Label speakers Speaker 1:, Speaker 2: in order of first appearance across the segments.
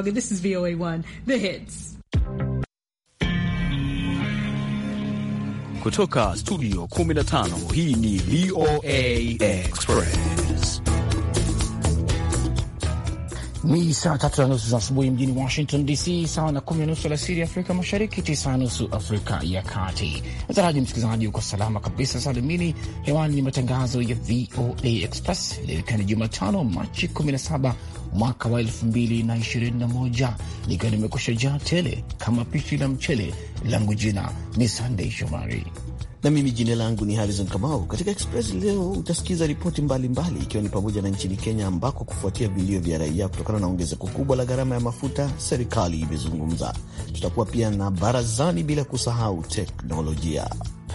Speaker 1: This is VOA1, The Hits.
Speaker 2: Kutoka studio 15 hii ni VOA
Speaker 3: Express.
Speaker 4: Ni saa tatu na nusu za asubuhi mjini Washington DC, sawa na kumi na nusu alasiri Afrika Mashariki, tisa na nusu Afrika ya Kati. Nataraji msikilizaji, uko salama kabisa salimini. Hewani ni matangazo ya VOA Express leo, ikiwa ni Jumatano Machi 17 mwaka wa 221 nikiwa nimekusha jaa tele kama pishi la mchele. Langu jina ni Sandey
Speaker 2: Shomari na mimi jina langu ni Harrison Kamau. Katika Express leo utasikiza ripoti mbalimbali, ikiwa ni pamoja na nchini Kenya ambako kufuatia vilio vya raia kutokana na ongezeko kubwa la gharama ya mafuta, serikali imezungumza. Tutakuwa pia na barazani, bila kusahau teknolojia.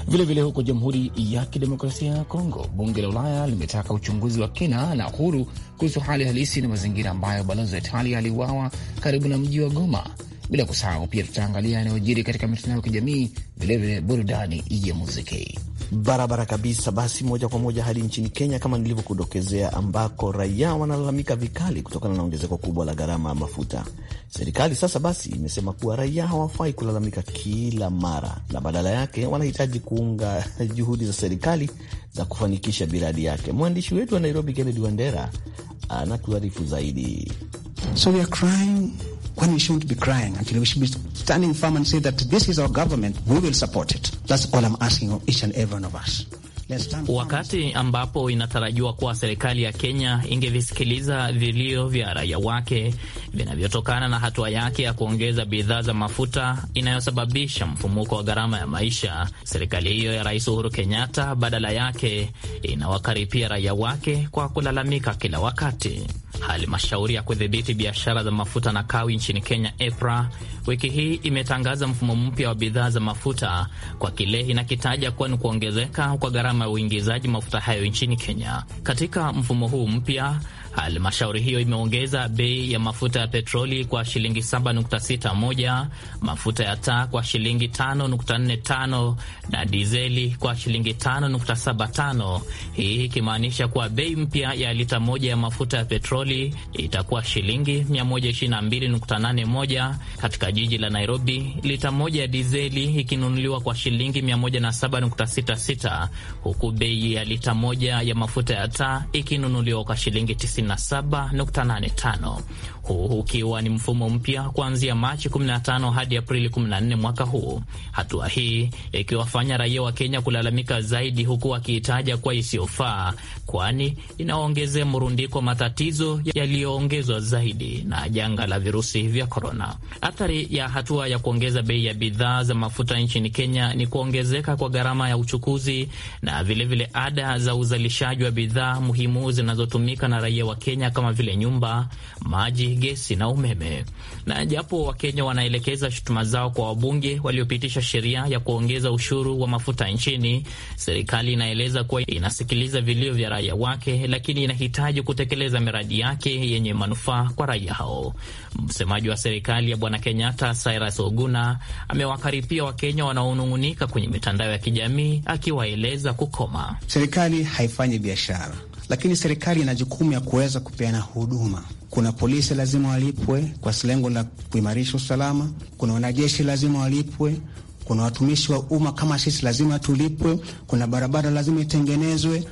Speaker 2: Vilevile huko Jamhuri ya Kidemokrasia ya Kongo, bunge la Ulaya limetaka
Speaker 4: uchunguzi wa kina na huru kuhusu hali halisi na mazingira ambayo balozi wa Italia aliuawa karibu na mji wa Goma. Bila kusahau pia tutaangalia yanayojiri katika mitandao ya kijamii, vilevile
Speaker 2: burudani ya muziki barabara kabisa. Basi moja kwa moja hadi nchini Kenya kama nilivyokudokezea, ambako raia wanalalamika vikali kutokana na ongezeko kubwa la gharama ya mafuta. Serikali sasa basi imesema kuwa raia hawafai kulalamika kila mara, na badala yake wanahitaji kuunga juhudi za serikali za kufanikisha miradi yake. Mwandishi wetu wa Nairobi Kennedy Wandera anatuarifu zaidi. So we are crying when we shouldn't be crying. until we should be standing firm and say that this is our government. We will support
Speaker 4: it. That's all I'm asking of each and every one of us.
Speaker 1: wakati ambapo inatarajiwa kuwa serikali ya Kenya ingevisikiliza vilio vya raia wake vinavyotokana na hatua yake ya kuongeza bidhaa za mafuta inayosababisha mfumuko wa gharama ya maisha. Serikali hiyo ya Rais Uhuru Kenyatta badala yake inawakaripia raia wake kwa kulalamika kila wakati. Halmashauri ya kudhibiti biashara za mafuta na kawi nchini Kenya, EPRA, wiki hii imetangaza mfumo mpya wa bidhaa za mafuta kwa kile inakitaja kuwa ni kuongezeka kwa gharama uingizaji mafuta hayo nchini Kenya. Katika mfumo huu mpya, Halmashauri hiyo imeongeza bei ya mafuta ya petroli kwa shilingi 7.61, mafuta ya taa kwa shilingi 5.45 na dizeli kwa shilingi 5.75, hii ikimaanisha kuwa bei mpya ya lita moja ya mafuta ya petroli itakuwa shilingi 122.81 katika jiji la Nairobi, lita moja ya dizeli ikinunuliwa kwa shilingi 107.66, huku bei ya lita moja ya mafuta ya taa ikinunuliwa kwa shilingi 90 97.85 huu ukiwa ni mfumo mpya kuanzia Machi 15 hadi Aprili 14 mwaka huu, hatua hii ikiwafanya raia wa Kenya kulalamika zaidi, huku wakiitaja kuwa isiyofaa, kwani inaongezea mrundiko matatizo yaliyoongezwa zaidi na janga la virusi vya korona. Athari ya hatua ya kuongeza bei ya bidhaa za mafuta nchini Kenya ni kuongezeka kwa gharama ya uchukuzi na vilevile vile ada za uzalishaji wa bidhaa muhimu zinazotumika na raia wa Kenya kama vile nyumba, maji gesi na umeme. Na japo Wakenya wanaelekeza shutuma zao kwa wabunge waliopitisha sheria ya kuongeza ushuru wa mafuta nchini, serikali inaeleza kuwa inasikiliza vilio vya raia wake, lakini inahitaji kutekeleza miradi yake yenye manufaa kwa raia hao. Msemaji wa serikali ya Bwana Kenyatta, Cyrus Oguna, amewakaripia Wakenya wanaonung'unika kwenye mitandao ya kijamii akiwaeleza kukoma.
Speaker 4: Serikali haifanyi biashara lakini serikali ina jukumu ya kuweza kupeana huduma. Kuna polisi lazima walipwe kwa lengo la kuimarisha usalama, kuna wanajeshi lazima walipwe kuna watumishi wa umma kama sisi lazima tulipwe. Kuna barabara lazima itengenezwe,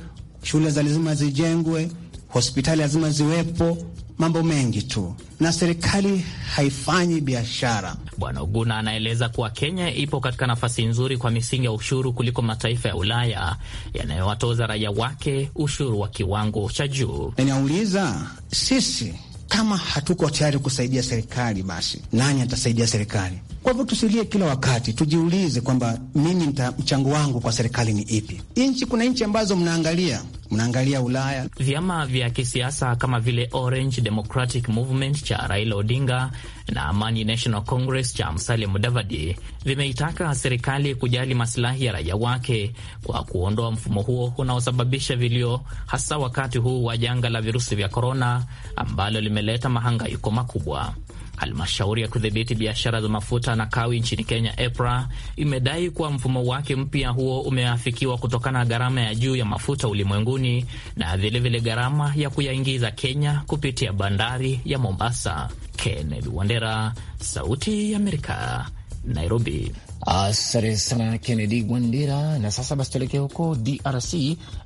Speaker 4: shule za lazima zijengwe, hospitali lazima ziwepo, mambo mengi tu, na serikali
Speaker 2: haifanyi biashara.
Speaker 1: Bwana uguna anaeleza kuwa Kenya ipo katika nafasi nzuri kwa misingi ya ushuru kuliko mataifa ya Ulaya yanayowatoza raia wake ushuru wa kiwango cha juu.
Speaker 4: Ninauliza, sisi kama hatuko tayari kusaidia serikali, basi nani atasaidia serikali? Kwa hivyo tusilie kila wakati, tujiulize kwamba mimi mchango wangu kwa serikali ni ipi? Nchi, kuna nchi ambazo mnaangalia mnaangalia Ulaya,
Speaker 1: vyama vya kisiasa kama vile Orange Democratic Movement cha Raila Odinga na Amani National Congress cha Musalia Mudavadi vimeitaka serikali kujali masilahi ya raia wake kwa kuondoa mfumo huo unaosababisha vilio, hasa wakati huu wa janga la virusi vya korona ambalo limeleta mahangaiko makubwa. Halmashauri ya kudhibiti biashara za mafuta na kawi nchini Kenya, EPRA, imedai kuwa mfumo wake mpya huo umeafikiwa kutokana na gharama ya juu ya mafuta ulimwenguni na vilevile gharama ya kuyaingiza Kenya kupitia bandari ya Mombasa. Kennedy Wandera, Sauti ya Amerika, Nairobi.
Speaker 4: Asante sana Kennedy Wandera. Na sasa basi tuelekee huko DRC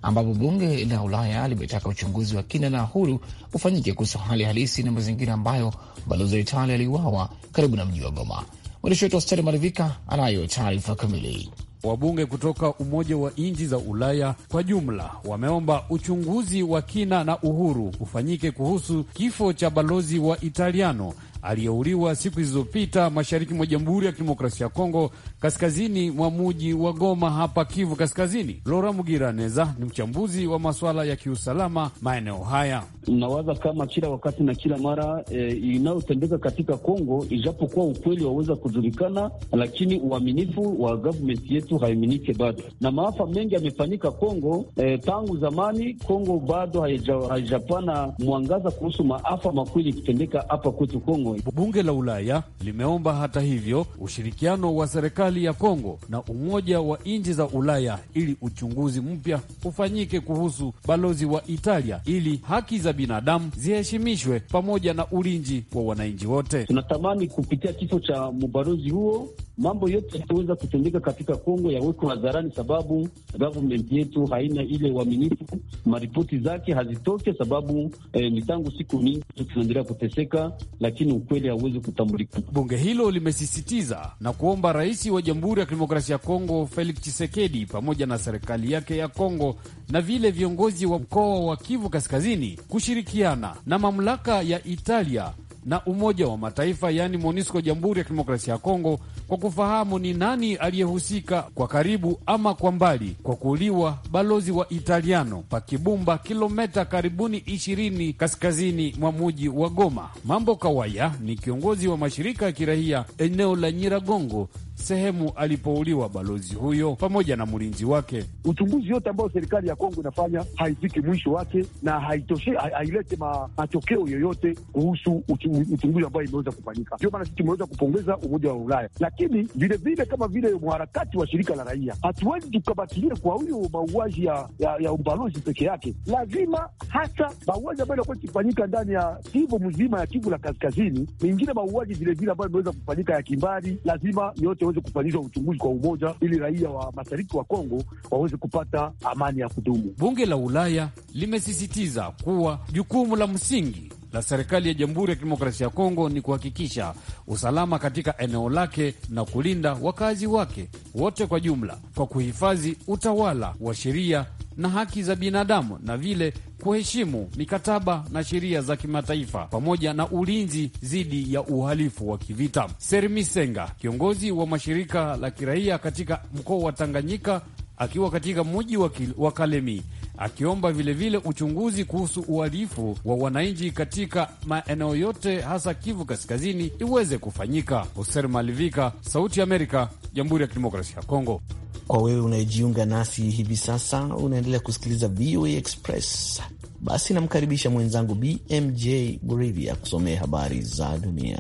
Speaker 4: ambapo bunge la Ulaya limetaka uchunguzi wa kina na huru ufanyike kuhusu hali halisi na mazingira ambayo balozi wa Italia aliuawa karibu na mji wa Goma. Mwandishi wetu Asteri Marivika anayo taarifa kamili.
Speaker 5: Wabunge kutoka Umoja wa Nchi za Ulaya kwa jumla wameomba uchunguzi wa kina na uhuru ufanyike kuhusu kifo cha balozi wa Italiano aliyeuliwa siku zilizopita mashariki mwa Jamhuri ya Kidemokrasia ya Kongo, kaskazini mwa muji wa Goma hapa Kivu Kaskazini. Lora Mugiraneza ni mchambuzi wa masuala ya kiusalama maeneo haya. Nawaza kama kila wakati na kila mara e, inayotendeka katika Kongo, ijapokuwa ukweli waweza kujulikana, lakini uaminifu wa gavumenti yetu haiminike bado, na maafa mengi yamefanyika Kongo e, tangu zamani. Kongo bado haijapana mwangaza kuhusu maafa makweli ikitendeka hapa kwetu Kongo. Kongo. Bunge la Ulaya limeomba hata hivyo ushirikiano wa serikali ya Kongo na Umoja wa Nchi za Ulaya ili uchunguzi mpya ufanyike kuhusu balozi wa Italia ili haki za binadamu ziheshimishwe pamoja na ulinzi wa wananchi wote. Tunatamani kupitia kifo cha mbalozi huo mambo yote yataweza kutendeka katika Kongo yawekwe hadharani, sababu government yetu haina ile uaminifu, maripoti zake hazitoke sababu eh, ni tangu siku mingi tunaendelea kuteseka, lakini ukweli hauwezi kutambulika. Bunge hilo limesisitiza na kuomba rais wa Jamhuri ya Kidemokrasia ya Kongo Felix Tshisekedi pamoja na serikali yake ya Kongo na vile viongozi wa mkoa wa Kivu Kaskazini kushirikiana na mamlaka ya Italia na Umoja wa Mataifa yaani MONUSCO Jamhuri ya Kidemokrasia ya Kongo kwa kufahamu ni nani aliyehusika kwa karibu ama kwa mbali kwa kuuliwa balozi wa Italiano pa Kibumba, kilometa karibuni 20 kaskazini mwa muji wa Goma. Mambo Kawaya ni kiongozi wa mashirika ya kirahia eneo la Nyiragongo sehemu alipouliwa balozi huyo pamoja na mlinzi wake. Uchunguzi yote ambayo serikali ya Kongo inafanya haifiki mwisho wake na haitoshe, hailete matokeo yoyote kuhusu uchunguzi ambayo imeweza kufanyika. Ndio maana sisi tumeweza kupongeza Umoja wa Ulaya, lakini vilevile kama vile mharakati wa shirika la raia, hatuwezi tukabatilia kwa huyo mauaji ya, ya, ya ubalozi peke yake. Lazima hata mauaji ambayo inakuwa ikifanyika ndani ya Kivu mzima ya Kivu la kaskazini, mengine mauaji vilevile ambayo imeweza kufanyika ya kimbari, lazima yote waweze kufanyishwa uchunguzi kwa umoja, ili raia wa mashariki wa Kongo waweze kupata amani ya kudumu. Bunge la Ulaya limesisitiza kuwa jukumu la msingi la serikali ya Jamhuri ya Kidemokrasia ya Kongo ni kuhakikisha usalama katika eneo lake na kulinda wakazi wake wote kwa jumla kwa kuhifadhi utawala wa sheria na haki za binadamu na vile kuheshimu mikataba na sheria za kimataifa pamoja na ulinzi dhidi ya uhalifu wa kivita. Sermisenga, kiongozi wa mashirika la kiraia katika mkoa wa Tanganyika, akiwa katika mji wa Kalemi akiomba vilevile uchunguzi kuhusu uhalifu wa wananchi katika maeneo yote hasa Kivu Kaskazini iweze kufanyika. Hoser Malivika, Sauti ya Amerika, Jamhuri ya Kidemokrasia ya
Speaker 2: Kongo. Kwa wewe unayejiunga nasi hivi sasa, unaendelea kusikiliza VOA Express. Basi namkaribisha mwenzangu BMJ Burivia kusomea habari za dunia.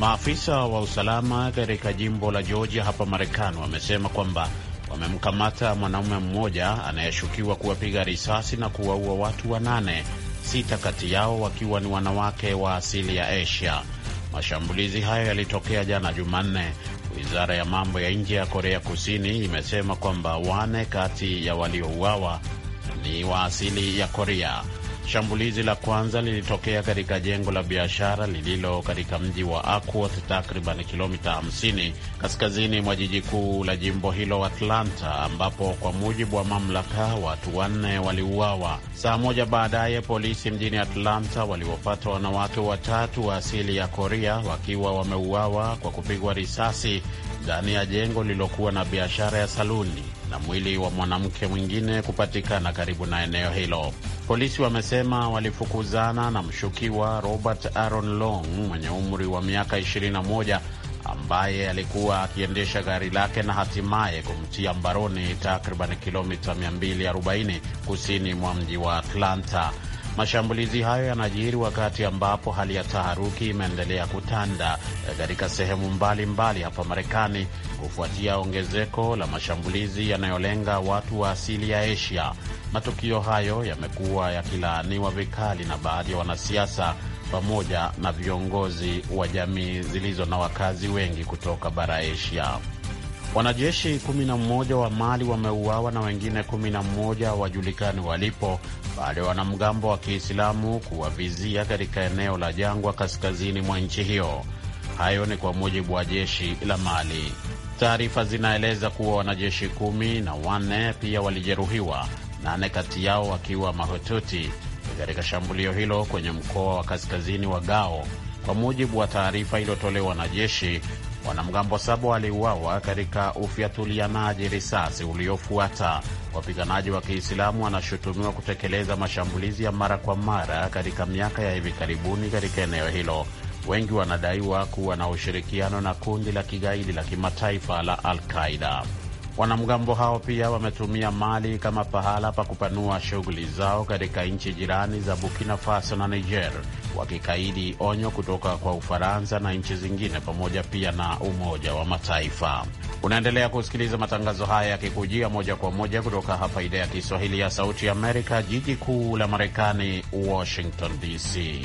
Speaker 6: Maafisa wa usalama katika jimbo la Georgia hapa Marekani wamesema kwamba wamemkamata mwanaume mmoja anayeshukiwa kuwapiga risasi na kuwaua watu wanane, sita kati yao wakiwa ni wanawake wa asili ya Asia. Mashambulizi hayo yalitokea jana Jumanne. Wizara ya mambo ya nje ya Korea Kusini imesema kwamba wane kati ya waliouawa ni wa asili ya Korea. Shambulizi la kwanza lilitokea katika jengo la biashara lililo katika mji wa Acworth, takriban kilomita 50 kaskazini mwa jiji kuu la jimbo hilo Atlanta, ambapo kwa mujibu wa mamlaka watu wanne waliuawa. Saa moja baadaye, polisi mjini Atlanta waliopata wanawake watatu wa asili ya Korea wakiwa wameuawa kwa kupigwa risasi ndani ya jengo lililokuwa na biashara ya saluni na mwili wa mwanamke mwingine kupatikana karibu na eneo hilo. Polisi wamesema walifukuzana na mshukiwa Robert Aaron Long mwenye umri wa miaka 21 ambaye alikuwa akiendesha gari lake na hatimaye kumtia mbaroni takriban kilomita 240 kusini mwa mji wa Atlanta. Mashambulizi hayo yanajiri wakati ambapo hali ya taharuki imeendelea kutanda eh, katika sehemu mbalimbali mbali hapa Marekani kufuatia ongezeko la mashambulizi yanayolenga watu wa asili ya Asia. Matukio hayo yamekuwa yakilaaniwa vikali na baadhi ya wanasiasa pamoja na viongozi wa jamii zilizo na wakazi wengi kutoka bara Asia. Wanajeshi 11 wa Mali wameuawa na wengine 11 wajulikani walipo baada ya wanamgambo wa Kiislamu kuwavizia katika eneo la jangwa kaskazini mwa nchi hiyo. Hayo ni kwa mujibu wa jeshi la Mali. Taarifa zinaeleza kuwa wanajeshi kumi na wanne pia walijeruhiwa, nane kati yao wakiwa mahututi katika shambulio hilo kwenye mkoa wa kaskazini wa Gao, kwa mujibu wa taarifa iliyotolewa na jeshi Wanamgambo saba waliuawa katika ufyatulianaji risasi uliofuata. Wapiganaji wa Kiislamu wanashutumiwa kutekeleza mashambulizi ya mara kwa mara katika miaka ya hivi karibuni katika eneo hilo. Wengi wanadaiwa kuwa na ushirikiano na kundi la kigaidi la kimataifa la Al-Qaida. Wanamgambo hao pia wametumia Mali kama pahala pa kupanua shughuli zao katika nchi jirani za Burkina Faso na Niger, wakikaidi onyo kutoka kwa Ufaransa na nchi zingine pamoja pia na Umoja wa Mataifa. Unaendelea kusikiliza matangazo haya yakikujia moja kwa moja kutoka hapa idhaa ya Kiswahili ya Sauti ya Amerika, jiji kuu la Marekani, Washington DC.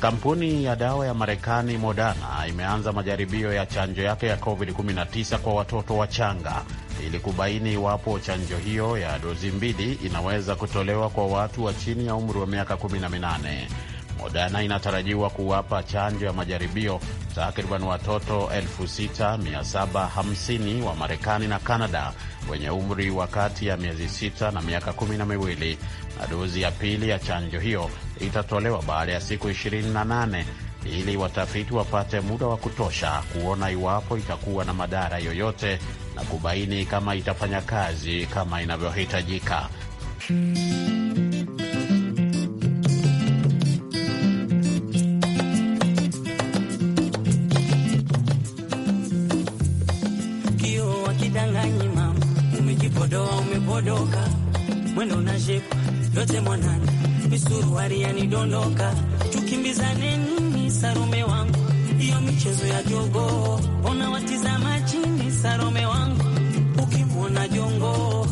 Speaker 6: Kampuni ya dawa ya Marekani Moderna imeanza majaribio ya chanjo yake ya COVID-19 kwa watoto wachanga ili kubaini iwapo chanjo hiyo ya dozi mbili inaweza kutolewa kwa watu wa chini ya umri wa miaka 18. Moderna inatarajiwa kuwapa chanjo ya majaribio takriban watoto 6750 wa Marekani na Kanada wenye umri wa kati ya miezi sita na miaka kumi na miwili, na dozi ya pili ya chanjo hiyo itatolewa baada ya siku 28 ili watafiti wapate muda wa kutosha kuona iwapo itakuwa na madhara yoyote na kubaini kama itafanya kazi kama inavyohitajika.
Speaker 3: yote mwanani, misuruari yanidondoka, Sarume wangu, hiyo michezo ya jogo, ona watizama chini. Sarume wangu, ukimwona jongo,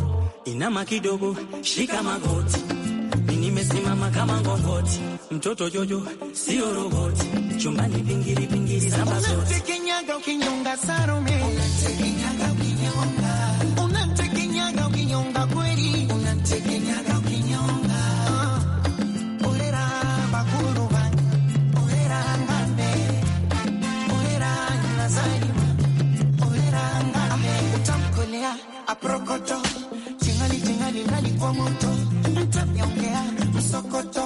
Speaker 3: inama kidogo, shika magoti, nimesimama kama ngongoti, mtoto jojo sio roboti, chumbani pingiri pingiri, sababu ukinyonga sarume prokoto, chingali tingali ngali kwa moto, nitanyongea msokoto,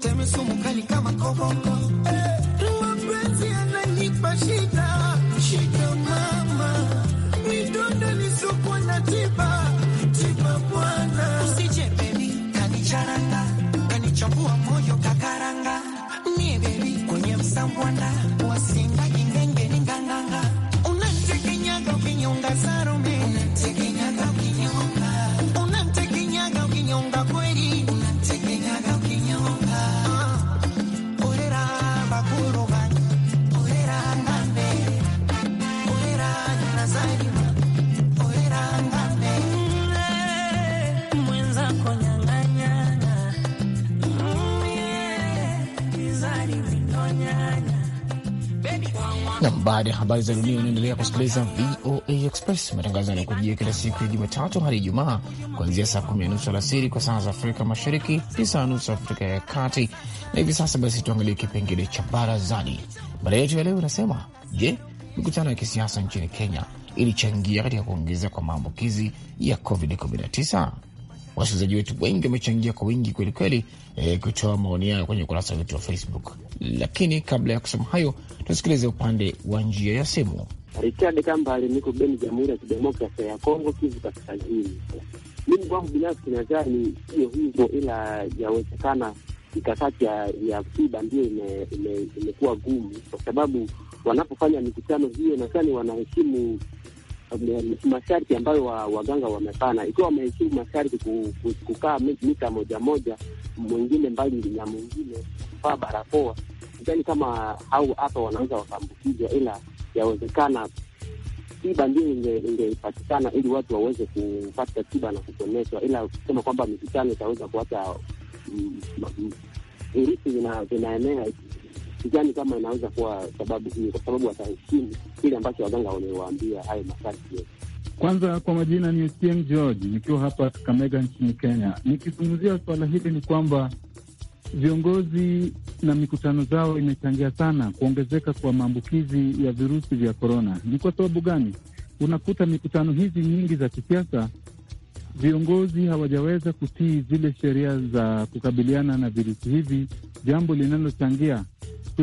Speaker 3: teme kali kama koboko
Speaker 4: Baada ya habari za dunia, unaendelea kusikiliza VOA Express, matangazo yanakujia kila siku ya Jumatatu hadi Ijumaa, kuanzia saa kumi na nusu alasiri kwa saa za Afrika Mashariki, tisa na nusu Afrika ya Kati. Na hivi sasa basi, tuangalie kipengele cha barazani. Mada yetu ya leo inasema, je, mikutano ya kisiasa nchini Kenya ilichangia katika kuongeza kwa maambukizi ya COVID-19? wasikilizaji wetu wengi wamechangia kwa wingi kwelikweli, eh, kutoa maoni yao kwenye ukurasa wetu wa Facebook. Lakini kabla ya kusema hayo, tusikilize upande wa njia ya simu.
Speaker 5: Richard Kambale, niko Beni, Jamhuri ya Kidemokrasia ya Kongo, Kivu
Speaker 6: Kaskazini. Mimi kwangu binafsi nadhani sio hivyo, ila yawezekana mikakati ya akiba ndio imekuwa gumu, kwa sababu wanapofanya mikutano hiyo nadhani wanaheshimu masharti ambayo waganga wa wamepana, ikiwa wameheshimu masharti kukaa mita moja moja, mwingine mbali na mwingine, kuvaa barakoa, sidhani kama au hapa wanaweza wakaambukizwa, ila yawezekana tiba ndio ingepatikana ili watu waweze kupata tiba na kuponeshwa, ila kusema kwamba mikutano itaweza kuacha mm, mm, mm, virusi vinaenea sidhani kama inaweza kuwa sababu hiyo, kwa
Speaker 5: sababu wataheshimu kile ambacho waganga wamewaambia hayo masharti. Kwanza kwa majina ni Etienne George, nikiwa hapa Kakamega nchini Kenya. Nikizungumzia suala hili ni kwamba viongozi na mikutano zao imechangia sana kuongezeka kwa maambukizi ya virusi vya korona. Ni kwa sababu gani? Unakuta mikutano hizi nyingi za kisiasa, viongozi hawajaweza kutii zile sheria za kukabiliana na virusi hivi, jambo linalochangia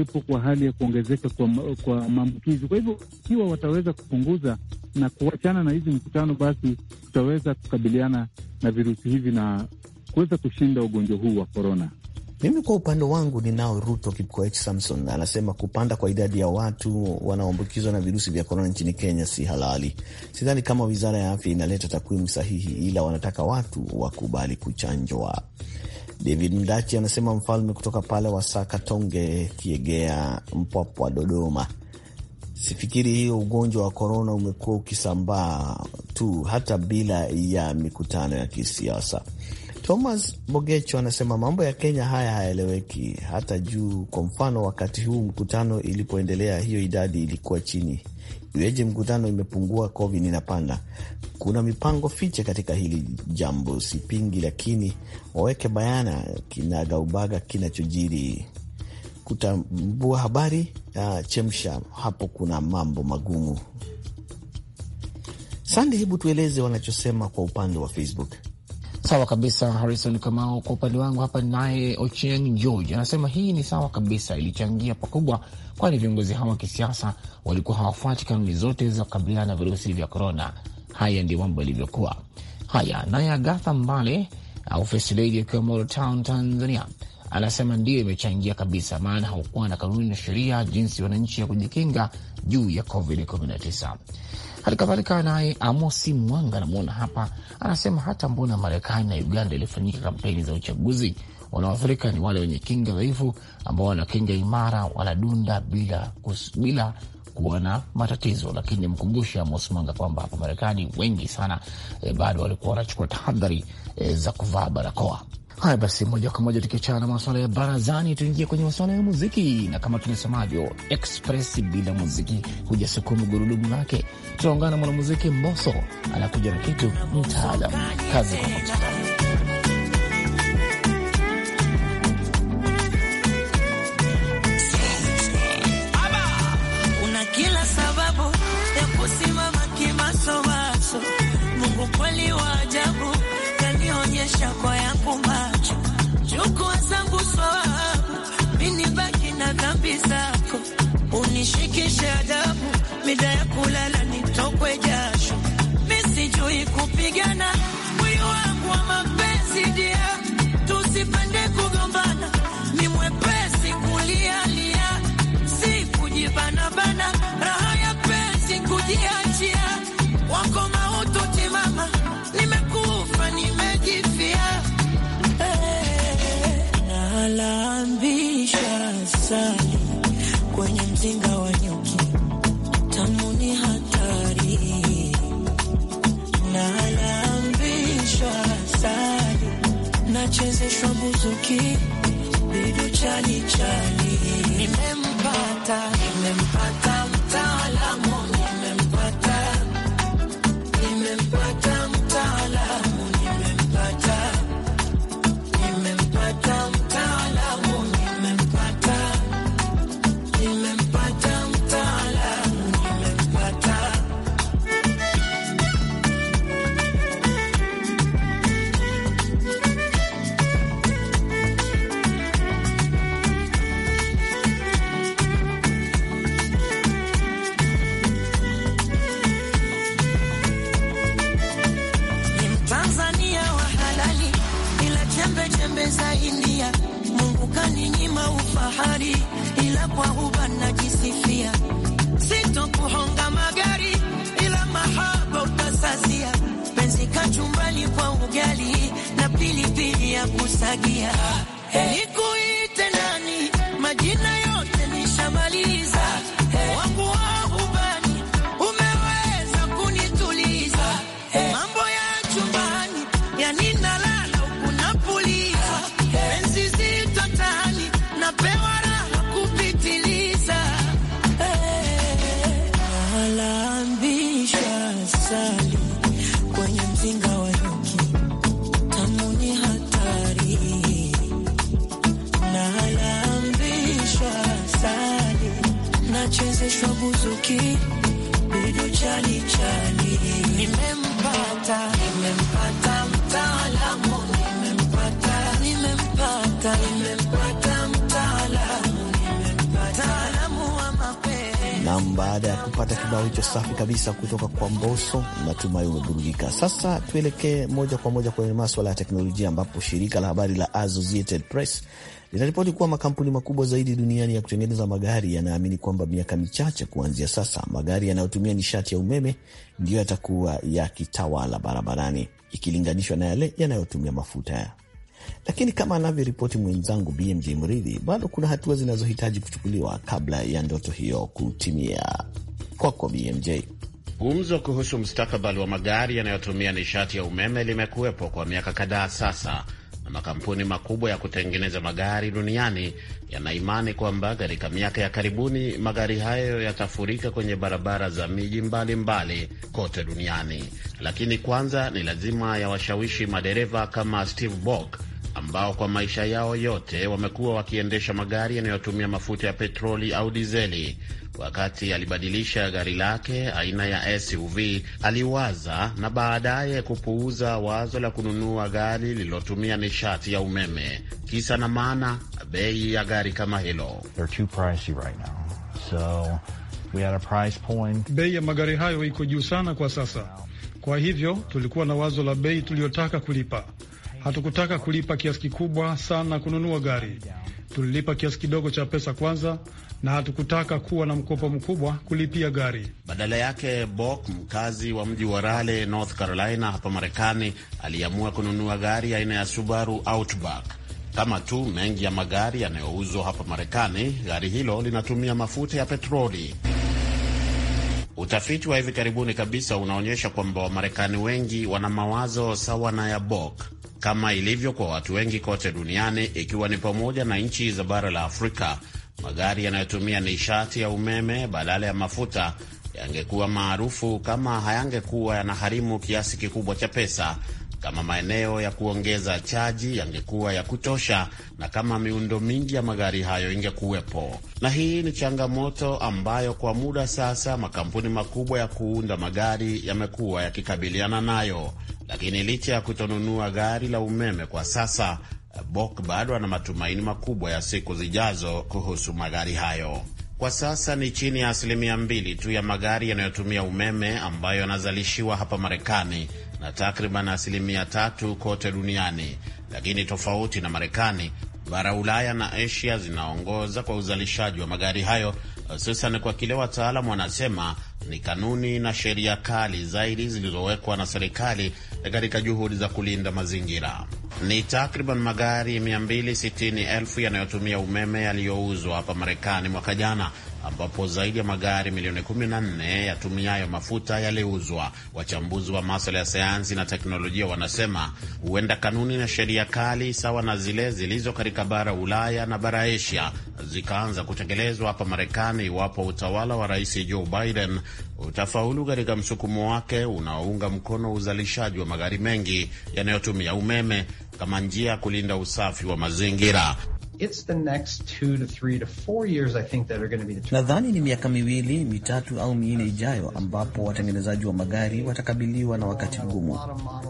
Speaker 5: kuwepo kwa hali ya kuongezeka kwa, kwa maambukizi. Kwa hivyo ikiwa wataweza kupunguza na kuachana na hizi mkutano basi tutaweza kukabiliana na virusi hivi na kuweza kushinda ugonjwa huu wa korona.
Speaker 2: Mimi kwa upande wangu ninao Ruto Kipkoech Samson anasema kupanda kwa idadi ya watu wanaoambukizwa na virusi vya korona nchini Kenya si halali. Sidhani kama wizara ya afya inaleta takwimu sahihi, ila wanataka watu wakubali kuchanjwa. David Mdachi anasema mfalme kutoka pale wa Sakatonge Kiegea, Mpwapwa, Dodoma. Sifikiri hiyo ugonjwa wa korona umekuwa ukisambaa tu hata bila ya mikutano ya kisiasa. Thomas Bogecho anasema mambo ya Kenya haya hayaeleweki, hata juu. Kwa mfano, wakati huu mkutano ilipoendelea, hiyo idadi ilikuwa chini, iweje mkutano imepungua, covid inapanda? kuna mipango fiche katika hili jambo, sipingi, lakini waweke bayana kinagaubaga kinachojiri kutambua habari uh, chemsha hapo, kuna mambo magumu. Sande, hebu tueleze wanachosema kwa upande wa Facebook. Sawa kabisa, Harrison Kamau. Kwa upande wangu hapa, naye
Speaker 4: Ochieng George anasema hii ni sawa kabisa, ilichangia pakubwa, kwani viongozi hao wa kisiasa walikuwa hawafuati kanuni zote za kukabiliana na virusi vya korona Haya ndio mambo yalivyokuwa. Haya, naye Agatha Mbale au uh, Lady akiwa Town, Tanzania, anasema ndiyo imechangia kabisa, maana haukuwa na kanuni na sheria jinsi wananchi ya kujikinga juu ya COVID-19. Hali kadhalika naye Amosi Mwanga anamwona hapa, anasema hata mbona Marekani na Uganda ilifanyika kampeni za uchaguzi, wanaoathirika ni wale wenye kinga dhaifu, ambao wana kinga imara wanadunda bila, kus, bila kuwa na matatizo, lakini nimkumbushe Amos kwamba hapa Marekani wengi sana e, bado walikuwa wanachukua tahadhari e, za kuvaa barakoa. Haya basi, moja kwa moja tukiachana na maswala ya barazani, tuingie kwenye maswala ya muziki, na kama tunasemavyo express bila muziki hujasukuma gurudumu lake. Tunaungana na mwanamuziki Mboso, anakuja na kitu mtaalam. Kazi kwa
Speaker 3: kuonyesha kwa yangu macho, chukua zangu sawabu, minibaki na dhambi zako, unishikishe adabu, mida ya kulala nitokwe jasho, misijui kupigana, mwili wangu wa mapenzi dia, tusipende kugombana, ni mwepesi kulialia, si kujibanabana, raha ya penzi kujiachia wako maututi mama, nimekufa nimejif Nalambisha asali kwenye mzinga wa nyuki, tamu ni hatari. Nalambisha asali nachezeshwa buzuki, bidu chali chali, nimempata nimempata ugali na pilipili ya kusagia. Nikuite nani? Majina yote nishamaliza. rafiki bidu nimempata nimempata nimempata nimempata
Speaker 2: Baada ya kupata kibao hicho safi kabisa kutoka kwa Mboso, natumai umeburudika. Sasa tuelekee moja kwa moja kwenye maswala ya teknolojia, ambapo shirika la habari la Associated Press linaripoti kuwa makampuni makubwa zaidi duniani ya kutengeneza magari yanaamini kwamba miaka michache kuanzia sasa, magari yanayotumia nishati ya umeme ndiyo yatakuwa yakitawala barabarani ikilinganishwa na yale yanayotumia mafuta ya lakini kama anavyoripoti mwenzangu BMJ Mridhi, bado kuna hatua zinazohitaji kuchukuliwa kabla ya ndoto hiyo kutimia. Kwako BMJ.
Speaker 6: Gumzo kuhusu mustakabali wa magari yanayotumia nishati ya umeme limekuwepo kwa miaka kadhaa sasa, na makampuni makubwa ya kutengeneza magari duniani yanaimani kwamba katika miaka ya karibuni magari hayo yatafurika kwenye barabara za miji mbalimbali kote duniani. Lakini kwanza ni lazima yawashawishi madereva kama Steve Bok ambao kwa maisha yao yote wamekuwa wakiendesha magari yanayotumia mafuta ya petroli au dizeli. Wakati alibadilisha gari lake aina ya SUV aliwaza na baadaye kupuuza wazo la kununua gari lililotumia nishati ya umeme. Kisa na maana, bei ya gari kama hilo
Speaker 5: bei ya magari hayo iko juu sana kwa sasa. Kwa hivyo tulikuwa na wazo la bei tuliyotaka kulipa hatukutaka kulipa kiasi kikubwa sana kununua gari. Tulilipa kiasi kidogo cha pesa kwanza, na hatukutaka kuwa na mkopo mkubwa kulipia gari.
Speaker 6: Badala yake, Bok, mkazi wa mji wa Raleigh, North Carolina, hapa Marekani, aliamua kununua gari aina ya Subaru Outback. Kama tu mengi ya magari yanayouzwa hapa Marekani, gari hilo linatumia mafuta ya petroli. Utafiti wa hivi karibuni kabisa unaonyesha kwamba Wamarekani wengi wana mawazo sawa na ya Bok kama ilivyo kwa watu wengi kote duniani, ikiwa ni pamoja na nchi za bara la Afrika, magari yanayotumia nishati ya umeme badala ya mafuta yangekuwa maarufu kama hayangekuwa yanaharimu kiasi kikubwa cha pesa kama maeneo ya kuongeza chaji yangekuwa ya kutosha na kama miundo mingi ya magari hayo ingekuwepo. Na hii ni changamoto ambayo kwa muda sasa makampuni makubwa ya kuunda magari yamekuwa yakikabiliana nayo. Lakini licha ya kutonunua gari la umeme kwa sasa, Bok bado ana matumaini makubwa ya siku zijazo kuhusu magari hayo. Kwa sasa ni chini ya asilimia mbili tu ya magari yanayotumia umeme ambayo yanazalishiwa hapa Marekani na takriban asilimia tatu kote duniani, lakini tofauti na Marekani, bara Ulaya na Asia zinaongoza kwa uzalishaji wa magari hayo, hususan kwa kile wataalamu wanasema ni kanuni na sheria kali zaidi zilizowekwa na serikali katika juhudi za kulinda mazingira. Ni takriban magari 260,000 yanayotumia umeme yaliyouzwa hapa Marekani mwaka jana, ambapo zaidi ya magari milioni 14 yatumiayo mafuta yaliuzwa. Wachambuzi wa masuala ya sayansi na teknolojia wanasema huenda kanuni na sheria kali sawa na zile zilizo katika bara Ulaya na bara Asia zikaanza kutekelezwa hapa Marekani iwapo utawala wa Rais Joe Biden utafaulu katika msukumo wake unaounga mkono uzalishaji wa magari mengi yanayotumia umeme kama njia ya kulinda usafi wa mazingira.
Speaker 3: It's the next two to three to four years, I think, that are going to be the... Nadhani ni miaka miwili
Speaker 2: mitatu au minne ijayo ambapo watengenezaji wa magari watakabiliwa na wakati mgumu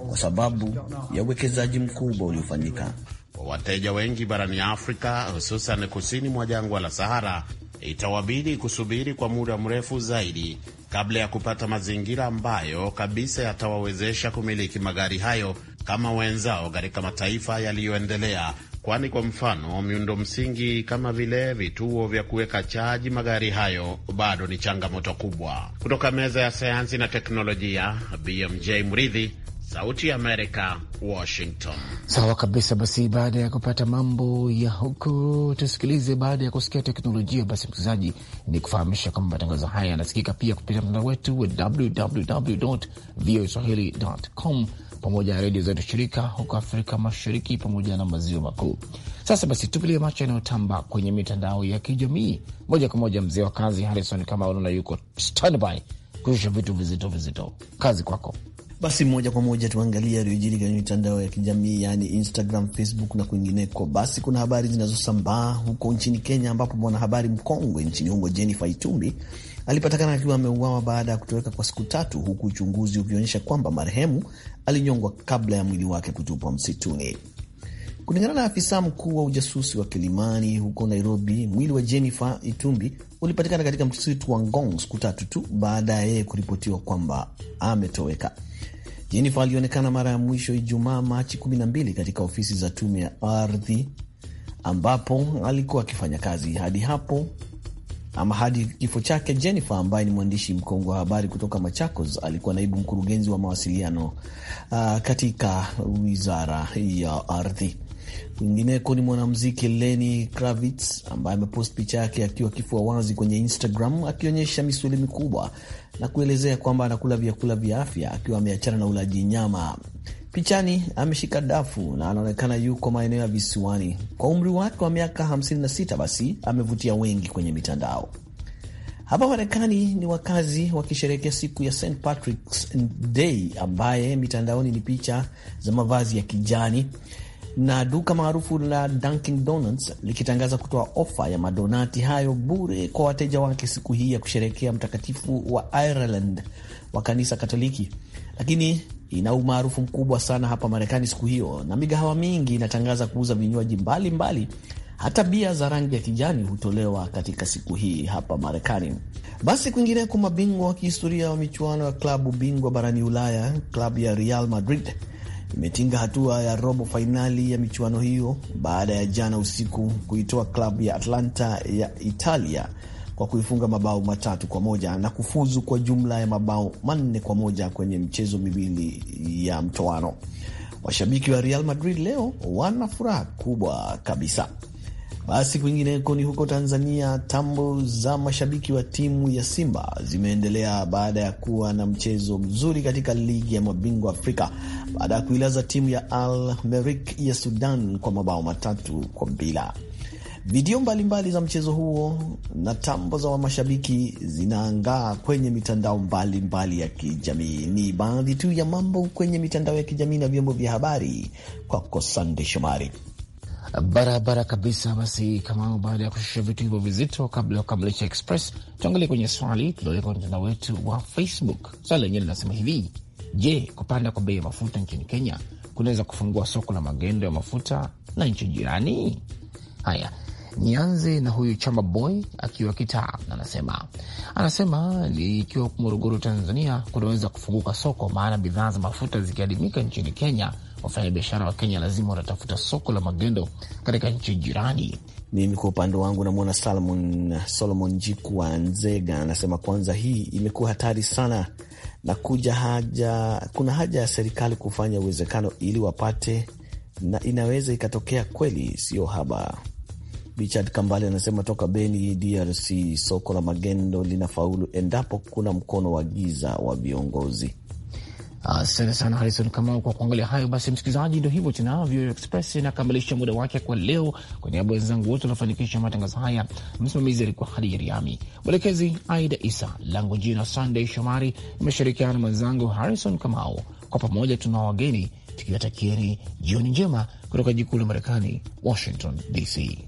Speaker 2: kwa sababu ya uwekezaji mkubwa uliofanyika.
Speaker 6: Wateja wengi barani Afrika, hususan kusini mwa jangwa la Sahara, itawabidi kusubiri kwa muda mrefu zaidi kabla ya kupata mazingira ambayo kabisa yatawawezesha kumiliki magari hayo kama wenzao katika mataifa yaliyoendelea kwani kwa mfano miundo msingi kama vile vituo vya kuweka chaji magari hayo bado ni changamoto kubwa. Kutoka meza ya sayansi na teknolojia, BMJ Mridhi, Sauti ya Amerika, Washington.
Speaker 4: Sawa kabisa. Basi baada ya kupata mambo ya huko, tusikilize. Baada ya kusikia teknolojia, basi msikilizaji, ni kufahamisha kwamba matangazo haya yanasikika pia kupitia mtandao wetu wa www voaswahili.com pamoja na redio zetu shirika huko Afrika Mashariki pamoja na maziwa makuu. Sasa basi, tupilie macho yanayotamba kwenye mitandao ya kijamii moja kwa moja. Mzee wa kazi Harrison kama unaona, yuko standby kushusha vitu vizito vizito. Kazi kwako.
Speaker 2: Basi moja kwa moja tuangalie yaliyojiri kwenye mitandao ya kijamii yaani Instagram, Facebook na kwingineko. Basi kuna habari zinazosambaa huko nchini Kenya, ambapo mwanahabari mkongwe nchini humo Jennifer Itumbi alipatikana akiwa ameuawa baada ya kutoweka kwa siku tatu, huku uchunguzi ukionyesha kwamba marehemu alinyongwa kabla ya mwili wake kutupwa msituni. Kulingana na afisa mkuu wa ujasusi wa Kilimani huko Nairobi, mwili wa Jennifer Itumbi ulipatikana katika msitu wa Ngong siku tatu tu baada ya yeye kuripotiwa kwamba ametoweka. Jennifer alionekana mara ya mwisho Ijumaa Machi 12 katika ofisi za tume ya ardhi ambapo alikuwa akifanya kazi hadi hapo ama hadi kifo chake. Jennifer ambaye ni mwandishi mkongwe wa habari kutoka Machakos alikuwa naibu mkurugenzi wa mawasiliano uh, katika wizara ya ardhi. Kwingineko ni mwanamuziki Lenny Kravitz ambaye amepost picha yake akiwa kifua wazi kwenye Instagram akionyesha misuli mikubwa na kuelezea kwamba anakula vyakula vya afya akiwa ameachana na ulaji nyama. Pichani ameshika dafu na anaonekana yuko maeneo ya visiwani. Kwa umri wake wa miaka 56, basi amevutia wengi kwenye mitandao. Hapa Marekani ni wakazi wakisherehekea siku ya St Patrick's Day, ambaye mitandaoni ni picha za mavazi ya kijani na duka maarufu la Dunkin Donuts likitangaza kutoa ofa ya madonati hayo bure kwa wateja wake siku hii ya kusherekea mtakatifu wa Ireland wa kanisa Katoliki, lakini ina umaarufu mkubwa sana hapa Marekani siku hiyo, na migahawa mingi inatangaza kuuza vinywaji mbalimbali hata bia za rangi ya kijani hutolewa katika siku hii hapa Marekani. Basi kwingineko, mabingwa wa kihistoria wa michuano ya klabu bingwa barani Ulaya, klabu ya Real Madrid imetinga hatua ya robo fainali ya michuano hiyo baada ya jana usiku kuitoa klabu ya Atlanta ya Italia kwa kuifunga mabao matatu kwa moja na kufuzu kwa jumla ya mabao manne kwa moja kwenye mchezo miwili ya mtoano. Washabiki wa Real Madrid leo wana furaha kubwa kabisa. Basi kwingineko ni huko Tanzania, tambo za mashabiki wa timu ya Simba zimeendelea baada ya kuwa na mchezo mzuri katika ligi ya mabingwa Afrika baada ya kuilaza timu ya Al Merik ya Sudan kwa mabao matatu kwa bila. Video mbalimbali za mchezo huo na tambo za mashabiki zinaangaa kwenye mitandao mbalimbali mbali ya kijamii. Ni baadhi tu ya mambo kwenye mitandao ya kijamii na vyombo vya habari. Kwako Sande Shomari
Speaker 4: barabara kabisa. Basi kama baada ya kushusha vitu hivyo vizito, kabla ya kukamilisha Express, tuangalie kwenye swali tulioweka mtandao wetu wa Facebook. Swali lenyewe linasema hivi: Je, kupanda kwa bei ya mafuta nchini Kenya kunaweza kufungua soko la magendo ya mafuta na nchi jirani? Haya, Nianze na huyu Chama Boy akiwa Kitaa, anasema anasema ikiwa Morogoro, Tanzania, kunaweza kufunguka soko, maana bidhaa za mafuta zikiadimika nchini Kenya, wafanyabiashara wa Kenya lazima wanatafuta soko la magendo katika nchi jirani.
Speaker 2: Mimi kwa upande wangu namwona Solomon Jiku wa Nzega, anasema kwanza, hii imekuwa hatari sana na kuja haja, kuna haja ya serikali kufanya uwezekano ili wapate, na inaweza ikatokea kweli, sio haba. Richard Kambale anasema toka Beni, DRC, soko la magendo linafaulu endapo kuna mkono wa giza wa viongozi.
Speaker 4: Asante sana Harison Kamau kwa kuangalia hayo. Basi msikilizaji, ndo hivyo tena, VOA Express inakamilisha muda wake kwa leo. Kwa niaba ya wenzangu wote wanafanikisha matangazo haya, msimamizi alikuwa Hadija Riami, mwelekezi Aida Isa, langu jina Sandey Shomari, imeshirikiana na mwenzangu Harison Kamau. Kwa pamoja tuna wageni tukiwatakieni jioni njema kutoka jikuu la Marekani, Washington DC.